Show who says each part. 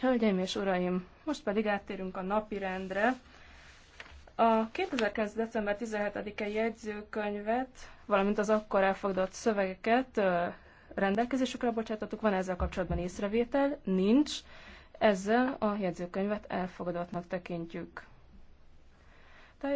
Speaker 1: Hölgyeim és uraim,
Speaker 2: most pedig áttérünk a napi rendre. A 2009. december 17-i jegyzőkönyvet, valamint az akkor elfogadott szövegeket rendelkezésükre bocsátottuk. Van ezzel kapcsolatban észrevétel? Nincs. Ezzel a jegyzőkönyvet elfogadottnak tekintjük.